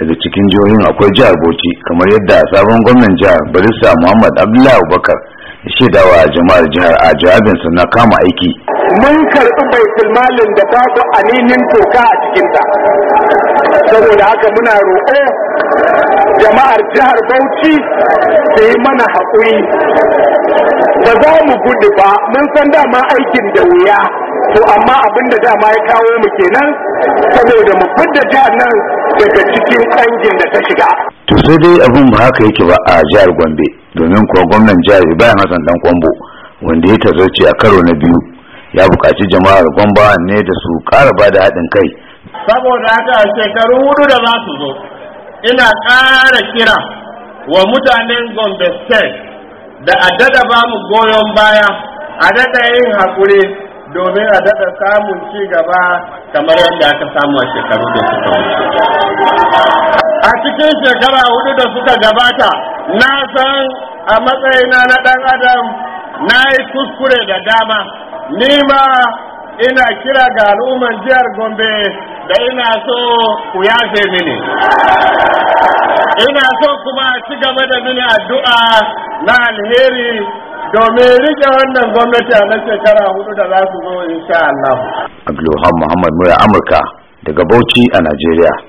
daga cikin jihohin akwai jihar bauchi kamar yadda sabon gwamnan jihar barista muhammad abdullahi abubakar ya wa jama'ar jihar a jawabinsa na kama aiki mun karɓi baitul malin da ta babu aminin toka a cikinta saboda haka muna roƙo jama'ar jihar bauchi su yi mana haƙuri ba za mu gudu ba mun san dama aikin da wuya to amma abin da dama ya kawo mu kenan saboda mu fidda jihar nan daga cikin kangin da ta shiga to sai dai abin ba haka yake ba a jihar Gombe domin kuwa gwamnan jihar Ibrahim Hassan Dan Kwambo wanda ya tazarci a karo na biyu ya buƙaci jama'ar Gombe ne da su ƙara ba da haɗin kai saboda haka shekaru hudu da za su zo ina ƙara kira wa mutanen Gombe State da a dada ba mu goyon baya a dada yin haƙuri domin a dada samun ci gaba kamar yadda aka samu a shekaru da suka wuce a cikin shekara hudu da suka gabata na san a matsayina na ɗan adam na yi kuskure da dama ni ma ina kira ga al'umman jihar gombe da ina so ku yafe mini ina so kuma ci gaba da mini addu'a na alheri domin rike wannan gwamnati a na shekara hudu da za su zo insha Allah. Abdullahi Muhammad Mura Amurka daga Bauchi a Najeriya.